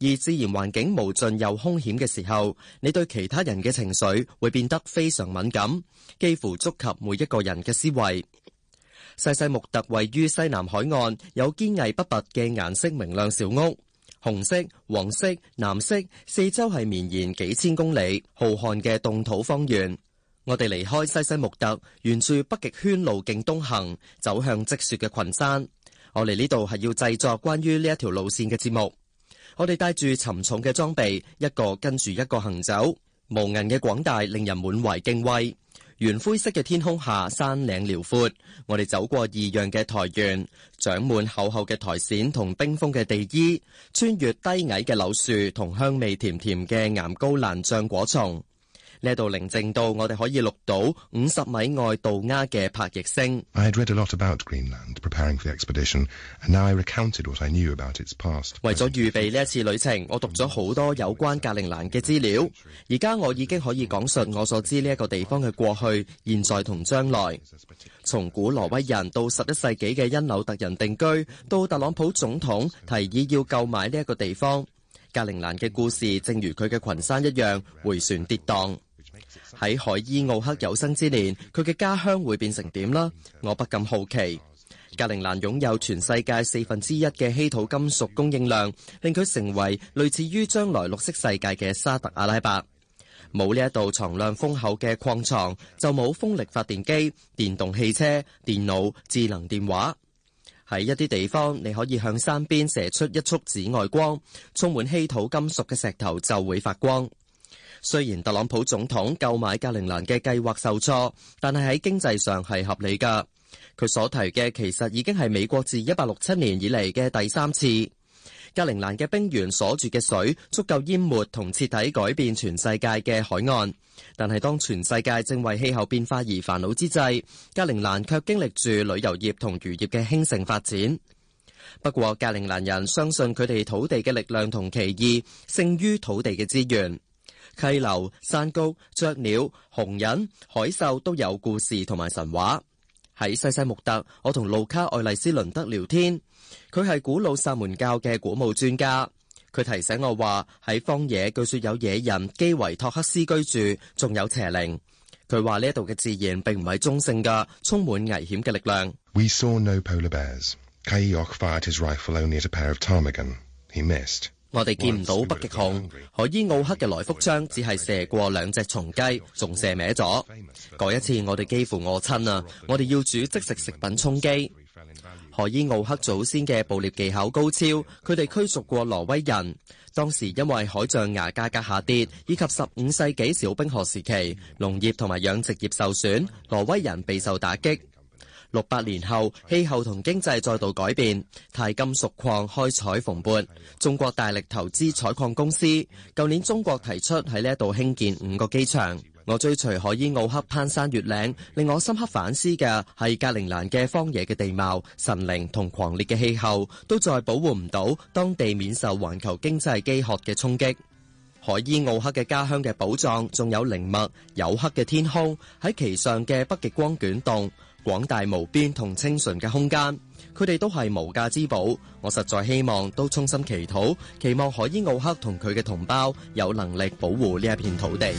逼，而自然環境無盡又凶險嘅時候，你對其他人嘅情緒會變得非常敏感，幾乎觸及每一個人嘅思維。西西木特位於西南海岸，有堅毅不拔嘅顏色明亮小屋，紅色、黃色、藍色，四周係綿延幾千公里浩瀚嘅凍土方圓。我哋離開西西木特，沿住北極圈路徑東行，走向積雪嘅群山。我嚟呢度係要製作關於呢一條路線嘅節目。我哋帶住沉重嘅裝備，一個跟住一個行走，無垠嘅廣大令人滿懷敬畏。原灰色嘅天空下，山嶺遼闊。我哋走過異樣嘅臺原，長滿厚厚嘅苔蘚同冰封嘅地衣，穿越低矮嘅柳樹同香味甜甜嘅岩高蘭漿果叢。呢度寧靜到我哋可以錄到五十米外渡鴉嘅拍翼聲。為咗預備呢一次旅程，我讀咗好多有關格陵蘭嘅資料。而家我已經可以講述我所知呢一個地方嘅過去、現在同將來。從古挪威人到十一世紀嘅因紐特人定居，到特朗普總統提議要購買呢一個地方，格陵蘭嘅故事正如佢嘅群山一樣回旋跌宕。喺海伊奧克有生之年，佢嘅家鄉會變成點啦？我不禁好奇。格陵蘭擁有全世界四分之一嘅稀土金屬供應量，令佢成為類似於將來綠色世界嘅沙特阿拉伯。冇呢一度藏量豐厚嘅礦床，就冇風力發電機、電動汽車、電腦、智能電話。喺一啲地方，你可以向山邊射出一束紫外光，充滿稀土金屬嘅石頭就會發光。雖然特朗普總統購買格陵蘭嘅計劃受挫，但係喺經濟上係合理噶。佢所提嘅其實已經係美國自1867年以嚟嘅第三次。格陵蘭嘅冰原鎖住嘅水足夠淹沒同徹底改變全世界嘅海岸。但係當全世界正為氣候變化而煩惱之際，格陵蘭卻經歷住旅遊業同漁業嘅興盛發展。不過格陵蘭人相信佢哋土地嘅力量同奇異勝於土地嘅資源。溪流、山谷、雀鳥、紅人、海獸都有故事同埋神話。喺西西木特，我同路卡愛麗斯倫德聊天，佢係古老薩門教嘅古墓專家。佢提醒我話，喺荒野據說有野人基維托克斯居住，仲有邪靈。佢話呢度嘅自然並唔係中性㗎，充滿危險嘅力量。我哋見唔到北極熊。海伊奧克嘅來福槍只係射過兩隻松雞，仲射歪咗。嗰一次我哋幾乎餓親啊！我哋要煮即食食，食品充飢。海伊奧克祖先嘅捕獵技巧高超，佢哋驅逐過挪威人。當時因為海象牙價格下跌，以及十五世紀小冰河時期農業同埋養殖業受損，挪威人備受打擊。六百年後，氣候同經濟再度改變，鈦金屬礦開採蓬勃。中國大力投資採礦公司。舊年，中國提出喺呢度興建五個機場。我追隨海伊奧克攀山越嶺，令我深刻反思嘅係格陵蘭嘅荒野嘅地貌、神靈同狂烈嘅氣候，都再保護唔到當地免受環球經濟飢渴嘅衝擊。海伊奧克嘅家鄉嘅寶藏，仲有靈物黝黑嘅天空喺其上嘅北極光捲動。廣大無邊同清純嘅空間，佢哋都係無價之寶。我實在希望都衷心祈禱，期望海伊奧克同佢嘅同胞有能力保護呢一片土地。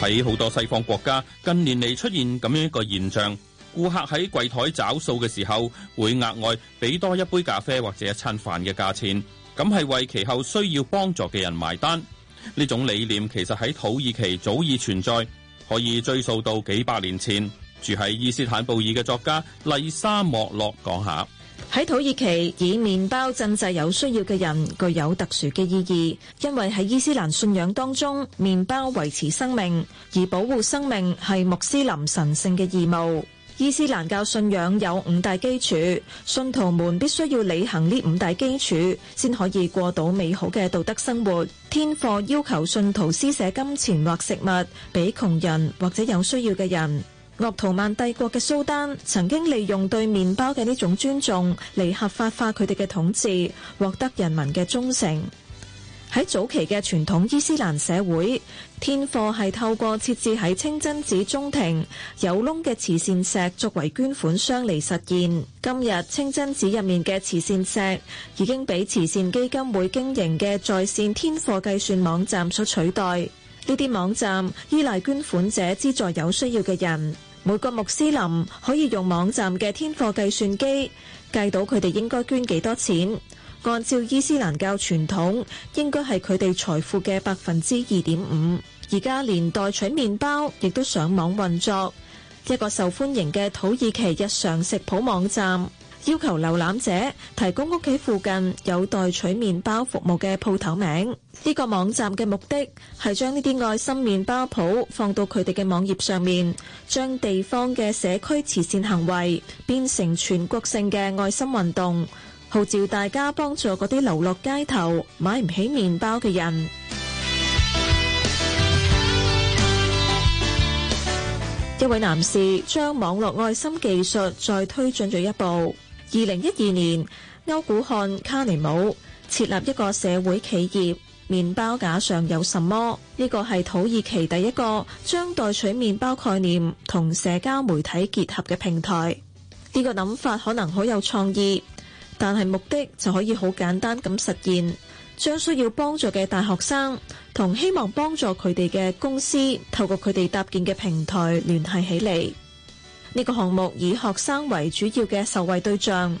喺好多西方國家，近年嚟，出現咁樣一個現象。顧客喺櫃台找數嘅時候，會額外俾多一杯咖啡或者一餐飯嘅價錢，咁係為其後需要幫助嘅人埋單。呢種理念其實喺土耳其早已存在，可以追溯到幾百年前。住喺伊斯坦布爾嘅作家麗沙莎莫洛講下：喺土耳其以麵包賑濟有需要嘅人，具有特殊嘅意義，因為喺伊斯蘭信仰當中，麵包維持生命而保護生命係穆斯林神聖嘅義務。伊斯蘭教信仰有五大基礎，信徒們必須要履行呢五大基礎，先可以過到美好嘅道德生活。天課要求信徒施捨金錢或食物俾窮人或者有需要嘅人。鄂圖曼帝國嘅蘇丹曾經利用對麵包嘅呢種尊重嚟合法化佢哋嘅統治，獲得人民嘅忠誠。喺早期嘅傳統伊斯蘭社會，天課係透過設置喺清真寺中庭有窿嘅慈善石作為捐款箱嚟實現。今日清真寺入面嘅慈善石已經俾慈善基金會經營嘅在線天課計算網站所取代。呢啲網站依賴捐款者資助有需要嘅人。每個穆斯林可以用網站嘅天課計算機計到佢哋應該捐幾多錢。按照伊斯蘭教傳統，應該係佢哋財富嘅百分之二點五。而家連代取麵包亦都上網運作，一個受歡迎嘅土耳其日常食譜網站，要求瀏覽者提供屋企附近有代取麵包服務嘅鋪頭名。呢個網站嘅目的係將呢啲愛心麵包鋪放到佢哋嘅網頁上面，將地方嘅社區慈善行為變成全國性嘅愛心運動。號召大家幫助嗰啲流落街頭買唔起麵包嘅人。一位男士將網絡愛心技術再推進咗一步。二零一二年，歐股漢卡尼姆設立一個社會企業，麵包架上有什麼？呢個係土耳其第一個將代取麵包概念同社交媒體結合嘅平台。呢個諗法可能好有創意，但係目的就可以好簡單咁實現，將需要幫助嘅大學生同希望幫助佢哋嘅公司，透過佢哋搭建嘅平台聯繫起嚟。呢個項目以學生為主要嘅受惠對象，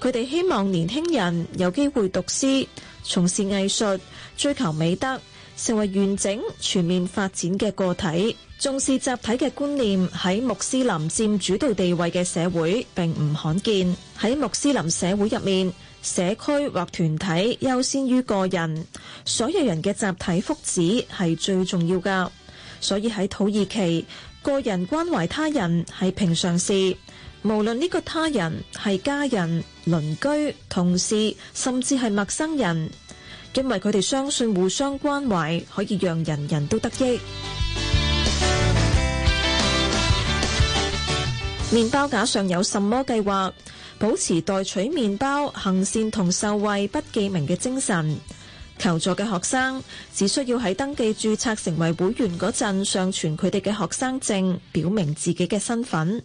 佢哋希望年輕人有機會讀書、從事藝術、追求美德。成為完整、全面發展嘅個體，重視集體嘅觀念。喺穆斯林佔主導地位嘅社會並唔罕見。喺穆斯林社會入面，社區或團體優先於個人，所有人嘅集體福祉係最重要㗎。所以喺土耳其，個人關懷他人係平常事，無論呢個他人係家人、鄰居、同事，甚至係陌生人。因為佢哋相信互相關懷可以讓人人都得益。麵包架上有什麼計劃？保持代取麵包、行善同受惠不記名嘅精神。求助嘅學生只需要喺登記注冊成為會員嗰陣上傳佢哋嘅學生證，表明自己嘅身份。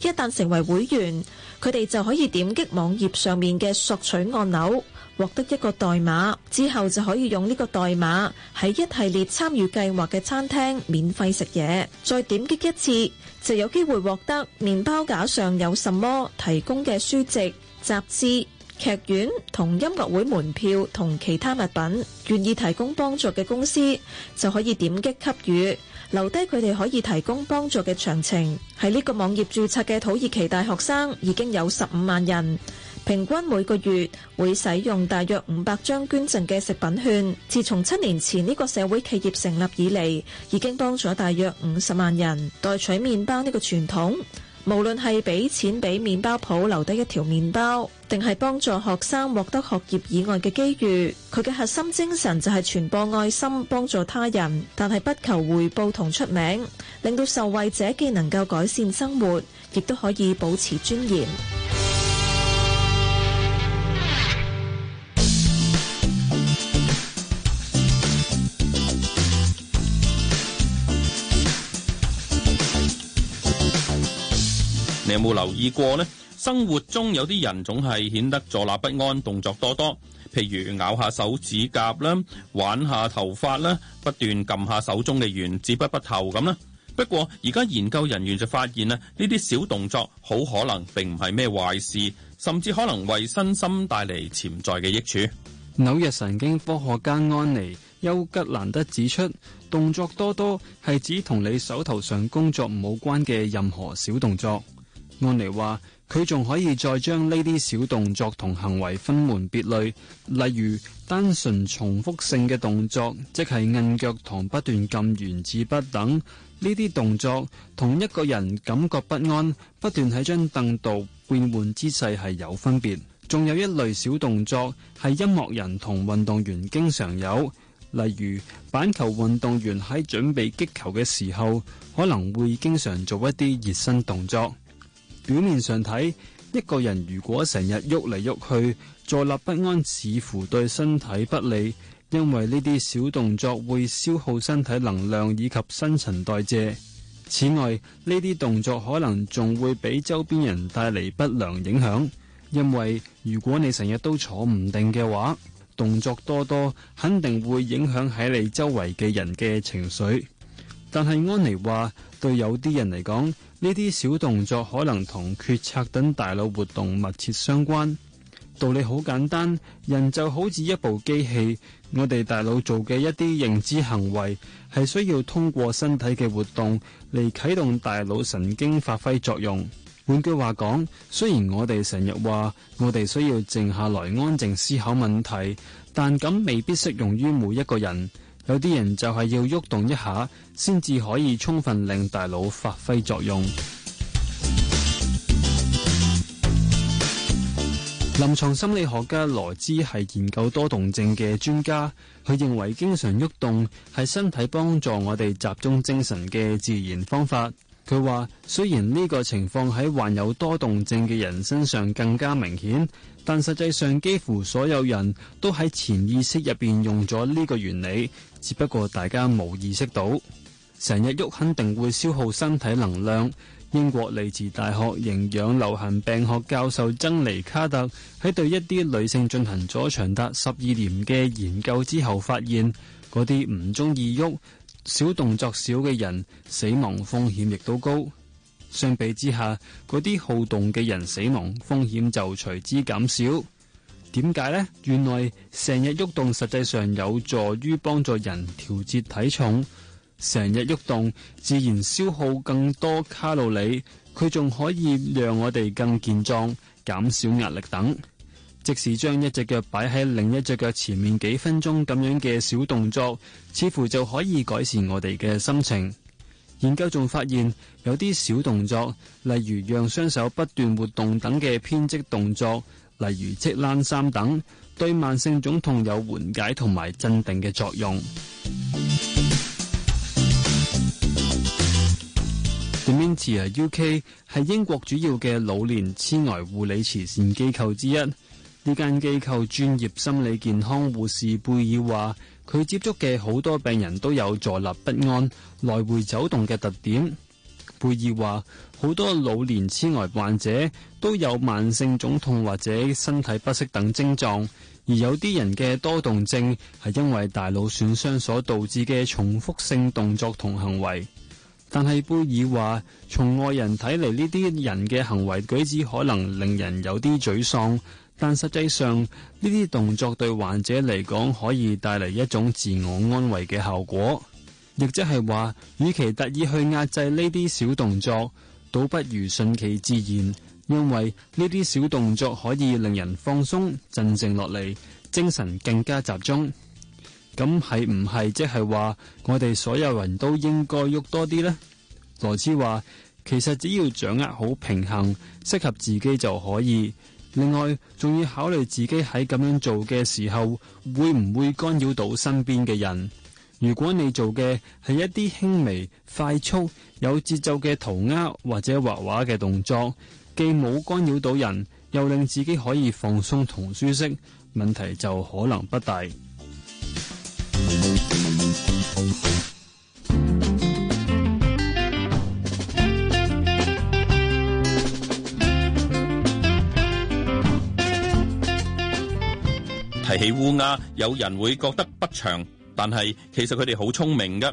一旦成為會員，佢哋就可以點擊網頁上面嘅索取按鈕。獲得一個代碼之後，就可以用呢個代碼喺一系列參與計劃嘅餐廳免費食嘢。再點擊一次，就有機會獲得麵包架上有什麼提供嘅書籍、雜誌、劇院同音樂會門票同其他物品。願意提供幫助嘅公司就可以點擊給予，留低佢哋可以提供幫助嘅詳情。喺呢個網頁注冊嘅土耳其大學生已經有十五萬人。平均每個月會使用大約五百張捐贈嘅食品券。自從七年前呢個社會企業成立以嚟，已經幫咗大約五十萬人代取麵包呢個傳統。無論係俾錢俾麵包鋪留低一條麵包，定係幫助學生獲得學業以外嘅機遇。佢嘅核心精神就係傳播愛心，幫助他人，但係不求回報同出名，令到受惠者既能夠改善生活，亦都可以保持尊嚴。你有冇留意過呢？生活中有啲人總係顯得坐立不安，動作多多，譬如咬下手指甲啦，玩下頭髮啦，不斷撳下手中嘅原子筆筆頭咁啦。不過而家研究人員就發現咧，呢啲小動作好可能並唔係咩壞事，甚至可能為身心帶嚟潛在嘅益處。紐約神經科學家安妮丘吉蘭德指出，動作多多係指同你手頭上工作冇關嘅任何小動作。按妮話：佢仲可以再將呢啲小動作同行為分門別類，例如單純重複性嘅動作，即係摁腳堂不斷撳原子筆等呢啲動作，同一個人感覺不安，不斷喺張凳度變換姿勢係有分別。仲有一類小動作係音樂人同運動員經常有，例如板球運動員喺準備擊球嘅時候，可能會經常做一啲熱身動作。表面上睇，一個人如果成日喐嚟喐去，坐立不安，似乎對身體不利，因為呢啲小動作會消耗身體能量以及新陳代謝。此外，呢啲動作可能仲會俾周邊人帶嚟不良影響，因為如果你成日都坐唔定嘅話，動作多多，肯定會影響喺你周圍嘅人嘅情緒。但係安妮話，對有啲人嚟講，呢啲小動作可能同決策等大腦活動密切相關。道理好簡單，人就好似一部機器，我哋大腦做嘅一啲認知行為係需要通過身體嘅活動嚟啟動大腦神經發揮作用。換句話講，雖然我哋成日話我哋需要靜下來安靜思考問題，但咁未必適用於每一個人。有啲人就係要喐動，動一下，先至可以充分令大腦發揮作用。臨 床心理學家羅茲係研究多動症嘅專家，佢認為經常喐動係身體幫助我哋集中精神嘅自然方法。佢話雖然呢個情況喺患有多動症嘅人身上更加明顯，但實際上幾乎所有人都喺潛意識入邊用咗呢個原理。只不過大家冇意識到，成日喐肯定會消耗身體能量。英國利茲大學營養流行病學教授珍妮卡特喺對一啲女性進行咗長達十二年嘅研究之後，發現嗰啲唔中意喐、小動作少嘅人死亡風險亦都高。相比之下，嗰啲好動嘅人死亡風險就隨之減少。點解呢？原來成日喐動，動實際上有助於幫助人調節體重，成日喐動，動自然消耗更多卡路里，佢仲可以讓我哋更健壯、減少壓力等。即使將一隻腳擺喺另一隻腳前面幾分鐘咁樣嘅小動作，似乎就可以改善我哋嘅心情。研究仲發現，有啲小動作，例如讓雙手不斷活動等嘅編織動作。例如赤冷衫等，對慢性腫痛有緩解同埋鎮定嘅作用。Dementia UK 係英國主要嘅老年痴呆護理慈善機構之一。呢間機構專業心理健康護士貝爾話：佢接觸嘅好多病人都有坐立不安、來回走動嘅特點。貝爾話。好多老年痴呆患者都有慢性腫痛或者身體不適等症狀，而有啲人嘅多動症係因為大腦損傷所導致嘅重複性動作同行為。但係貝爾話，從外人睇嚟，呢啲人嘅行為舉止可能令人有啲沮喪，但實際上呢啲動作對患者嚟講可以帶嚟一種自我安慰嘅效果，亦即係話，與其特意去壓制呢啲小動作，倒不如順其自然，因為呢啲小動作可以令人放鬆、鎮靜落嚟，精神更加集中。咁係唔係即係話我哋所有人都應該喐多啲呢？羅志話：其實只要掌握好平衡，適合自己就可以。另外，仲要考慮自己喺咁樣做嘅時候會唔會干擾到身邊嘅人。如果你做嘅係一啲輕微、快速。有節奏嘅塗鴉或者畫畫嘅動作，既冇干擾到人，又令自己可以放鬆同舒適，問題就可能不大。提起烏鴉，有人會覺得不祥，但係其實佢哋好聰明嘅。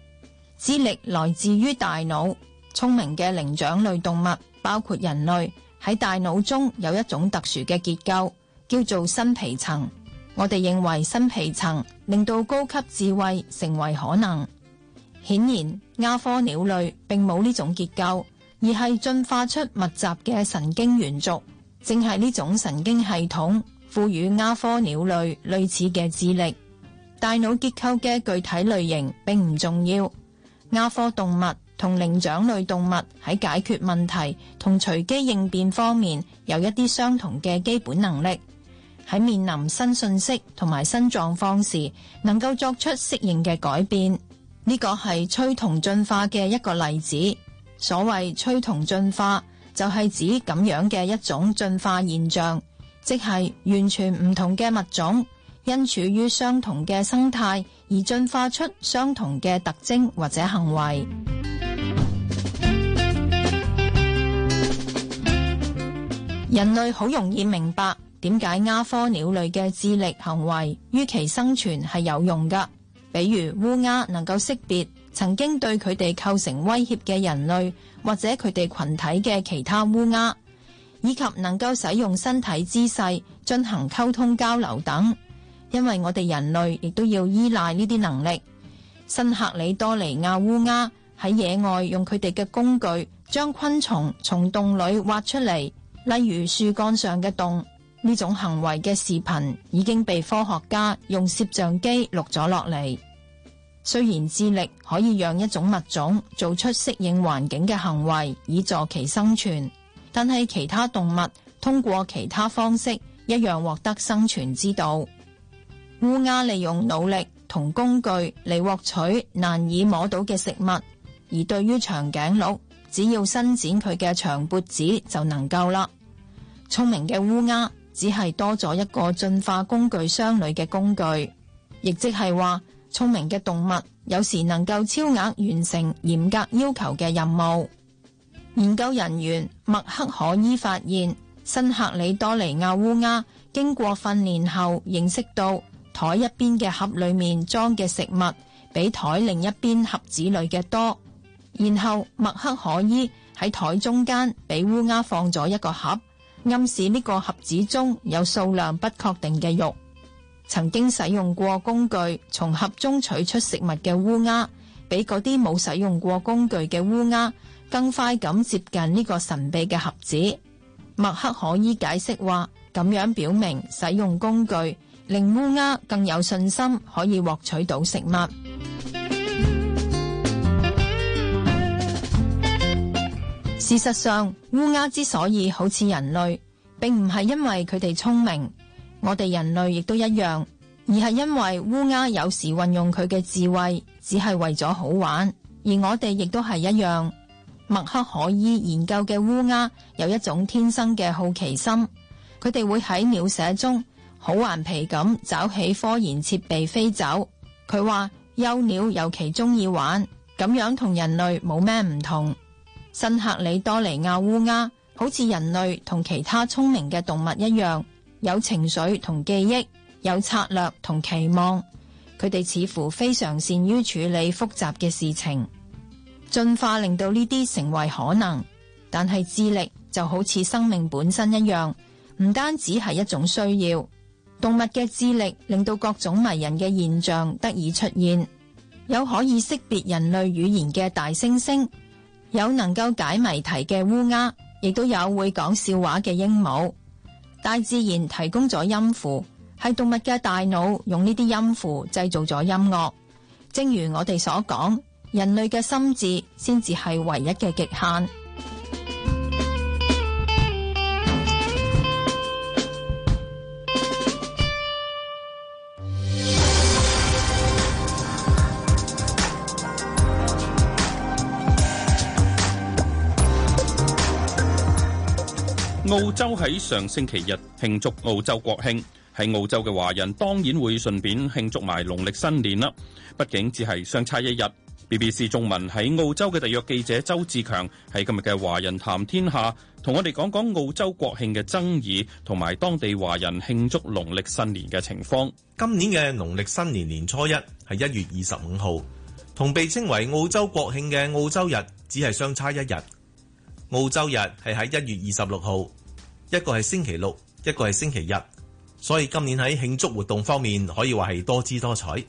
智力來自於大腦，聰明嘅靈長類動物包括人類喺大腦中有一種特殊嘅結構，叫做新皮層。我哋認為新皮層令到高級智慧成為可能。顯然，鴉科鳥類並冇呢種結構，而係進化出密集嘅神經元族。正係呢種神經系統賦予鴉科鳥類類，類似嘅智力。大腦結構嘅具體類型並唔重要。亞科動物同靈長類動物喺解決問題同隨機應變方面有一啲相同嘅基本能力，喺面臨新信息同埋新狀況時，能夠作出適應嘅改變。呢個係趨同進化嘅一個例子。所謂趨同進化，就係指咁樣嘅一種進化現象，即係完全唔同嘅物種。因處於相同嘅生態而進化出相同嘅特徵或者行為。人類好容易明白點解鴉科鳥類嘅智力行為與其生存係有用噶，比如烏鴉能夠識別曾經對佢哋構成威脅嘅人類或者佢哋群體嘅其他烏鴉，以及能夠使用身體姿勢進行溝通交流等。因為我哋人類亦都要依賴呢啲能力。新喀里多尼亞烏鴉喺野外用佢哋嘅工具將昆蟲從洞裏挖出嚟，例如樹幹上嘅洞。呢種行為嘅視頻已經被科學家用攝像機錄咗落嚟。雖然智力可以讓一種物種做出適應環境嘅行為以助其生存，但係其他動物通過其他方式一樣獲得生存之道。烏鴉利用努力同工具嚟，獲取難以摸到嘅食物，而對於長頸鹿，只要伸展佢嘅長脖子就能夠啦。聰明嘅烏鴉只係多咗一個進化工具箱裏嘅工具，亦即係話聰明嘅動物有時能夠超額完成嚴格要求嘅任務。研究人員麥克可伊發現，新克里多尼亞烏鴉經過訓練後認識到。台一邊嘅盒裏面裝嘅食物比台另一邊盒子裏嘅多。然後麥克可伊喺台中間俾烏鴉放咗一個盒，暗示呢個盒子中有數量不確定嘅肉。曾經使用過工具從盒中取出食物嘅烏鴉，比嗰啲冇使用過工具嘅烏鴉更快咁接近呢個神秘嘅盒子。麥克可伊解釋話，咁樣表明使用工具。令烏鴉更有信心，可以獲取到食物。事實上，烏鴉之所以好似人類，並唔係因為佢哋聰明，我哋人類亦都一樣，而係因為烏鴉有時運用佢嘅智慧，只係為咗好玩，而我哋亦都係一樣。麥克可伊研究嘅烏鴉有一種天生嘅好奇心，佢哋會喺鳥舍中。好頑皮咁，找起科研設備飛走。佢話：幼鳥尤其中意玩咁樣，同人類冇咩唔同。新喀里多尼亞烏鴉好似人類同其他聰明嘅動物一樣，有情緒同記憶，有策略同期望。佢哋似乎非常善於處理複雜嘅事情。進化令到呢啲成為可能，但係智力就好似生命本身一樣，唔單止係一種需要。動物嘅智力令到各種迷人嘅現象得以出現，有可以識別人類語言嘅大猩猩，有能夠解謎題嘅烏鴉，亦都有會講笑話嘅鸚鵡。大自然提供咗音符，係動物嘅大腦用呢啲音符製造咗音樂。正如我哋所講，人類嘅心智先至係唯一嘅極限。澳洲喺上星期日慶祝澳洲國慶，喺澳洲嘅華人當然會順便慶祝埋農曆新年啦。畢竟只係相差一日。BBC 中文喺澳洲嘅特約記者周志強喺今日嘅《華人談天下》同我哋講講澳洲國慶嘅爭議同埋當地華人慶祝農曆新年嘅情況。今年嘅農曆新年年初一係一月二十五號，同被稱為澳洲國慶嘅澳洲日只係相差一日。澳洲日係喺一月二十六號。一個係星期六，一個係星期日，所以今年喺慶祝活動方面可以話係多姿多彩。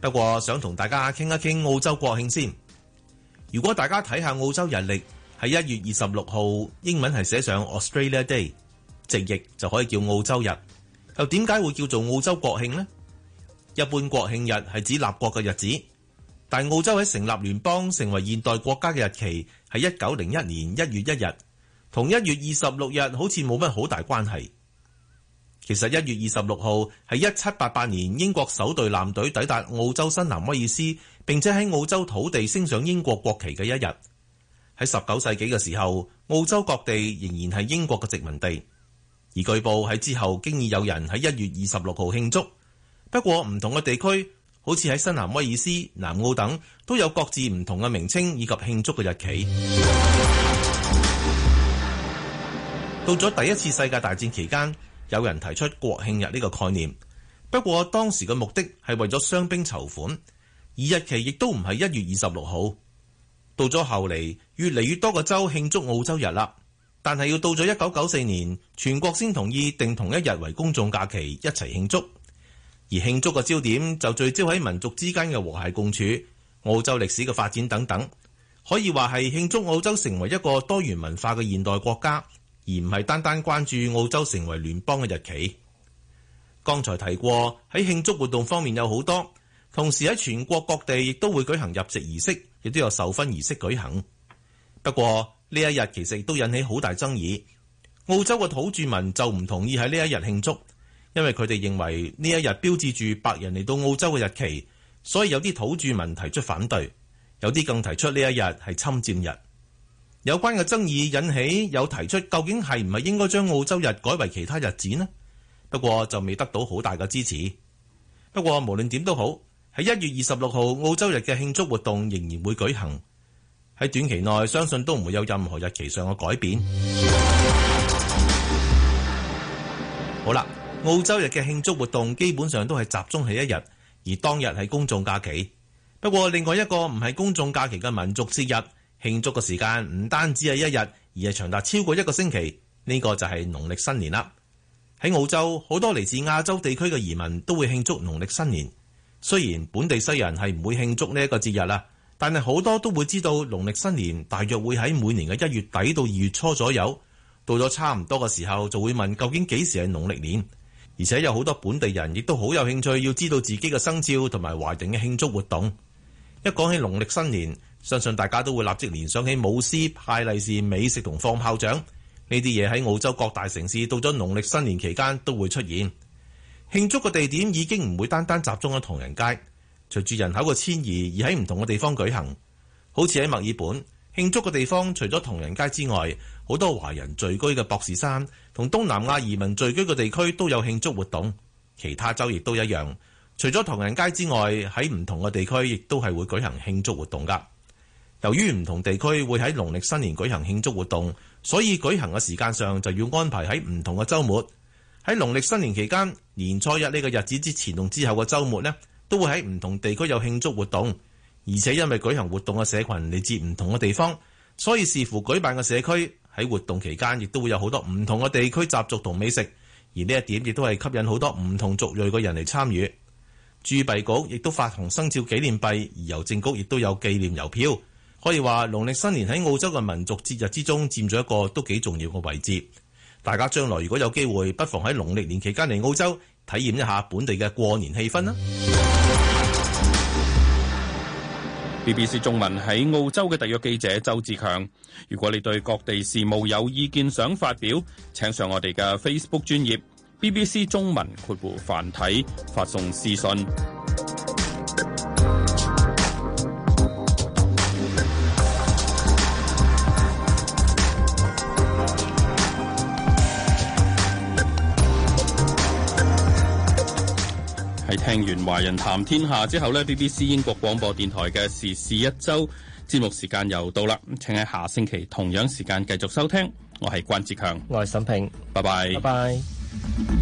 不過想同大家傾一傾澳洲國慶先。如果大家睇下澳洲日曆，喺一月二十六號，英文係寫上 Australia Day，直譯就可以叫澳洲日。又點解會叫做澳洲國慶呢？一般國慶日係指立國嘅日子，但澳洲喺成立聯邦、成為現代國家嘅日期係一九零一年一月一日。同一月二十六日好似冇乜好大關係。其實一月二十六號係一七八八年英國首隊艦隊抵達澳洲新南威爾斯，並且喺澳洲土地升上英國國旗嘅一日。喺十九世紀嘅時候，澳洲各地仍然係英國嘅殖民地。而據報喺之後，經已有人喺一月二十六號慶祝。不過唔同嘅地區，好似喺新南威爾斯、南澳等，都有各自唔同嘅名稱以及慶祝嘅日期。到咗第一次世界大戰期間，有人提出國慶日呢個概念。不過當時嘅目的係為咗傷兵籌款，而日期亦都唔係一月二十六號。到咗後嚟，越嚟越多個州慶祝澳洲日啦。但係要到咗一九九四年，全國先同意定同一日為公眾假期，一齊慶祝。而慶祝嘅焦點就聚焦喺民族之間嘅和諧共處、澳洲歷史嘅發展等等，可以話係慶祝澳洲成為一個多元文化嘅現代國家。而唔係單單關注澳洲成為聯邦嘅日期。剛才提過喺慶祝活動方面有好多，同時喺全國各地亦都會舉行入籍儀式，亦都有授勳儀式舉行。不過呢一日其實亦都引起好大爭議。澳洲嘅土著民就唔同意喺呢一日慶祝，因為佢哋認為呢一日標誌住白人嚟到澳洲嘅日期，所以有啲土著民提出反對，有啲更提出呢一日係侵佔日。有關嘅爭議引起有提出，究竟係唔係應該將澳洲日改為其他日子呢？不過就未得到好大嘅支持。不過無論點都好，喺一月二十六號澳洲日嘅慶祝活動仍然會舉行。喺短期內，相信都唔會有任何日期上嘅改變。好啦，澳洲日嘅慶祝活動基本上都係集中喺一日，而當日係公眾假期。不過，另外一個唔係公眾假期嘅民族節日。慶祝嘅時間唔單止係一日，而係長達超過一個星期。呢個就係農曆新年啦。喺澳洲，好多嚟自亞洲地區嘅移民都會慶祝農曆新年。雖然本地西人係唔會慶祝呢一個節日啦，但係好多都會知道農曆新年大約會喺每年嘅一月底到二月初左右。到咗差唔多嘅時候，就會問究竟幾時係農曆年。而且有好多本地人亦都好有興趣要知道自己嘅生肖同埋華人嘅慶祝活動。一講起農曆新年，相信大家都會立即聯想起舞獅派利是、美食同放炮仗呢啲嘢。喺澳洲各大城市，到咗農曆新年期間，都會出現。慶祝嘅地點已經唔會單單集中喺唐人街，隨住人口嘅遷移而喺唔同嘅地方舉行。好似喺墨爾本，慶祝嘅地方除咗唐人街之外，好多華人聚居嘅博士山同東南亞移民聚居嘅地區都有慶祝活動。其他州亦都一樣，除咗唐人街之外，喺唔同嘅地區亦都係會舉行慶祝活動㗎。由於唔同地區會喺農曆新年舉行慶祝活動，所以舉行嘅時間上就要安排喺唔同嘅週末。喺農曆新年期間，年初一呢個日子之前同之後嘅週末呢，都會喺唔同地區有慶祝活動。而且因為舉行活動嘅社群嚟自唔同嘅地方，所以視乎舉辦嘅社區喺活動期間，亦都會有好多唔同嘅地區習俗同美食。而呢一點亦都係吸引好多唔同族裔嘅人嚟參與。鑄幣局亦都發行生肖紀念幣，而郵政局亦都有紀念郵票。可以話農曆新年喺澳洲嘅民族節日之中佔咗一個都幾重要嘅位置。大家將來如果有機會，不妨喺農曆年期間嚟澳洲體驗一下本地嘅過年氣氛啦。BBC 中文喺澳洲嘅特約記者周志強，如果你對各地事務有意見想發表，請上我哋嘅 Facebook 專頁 BBC 中文括弧繁體發送私信。聽完華人談天下之後呢，BBC 英國廣播電台嘅時事一周節目時間又到啦，請喺下星期同樣時間繼續收聽，我係關智強，我係沈平，拜拜 bye，拜拜。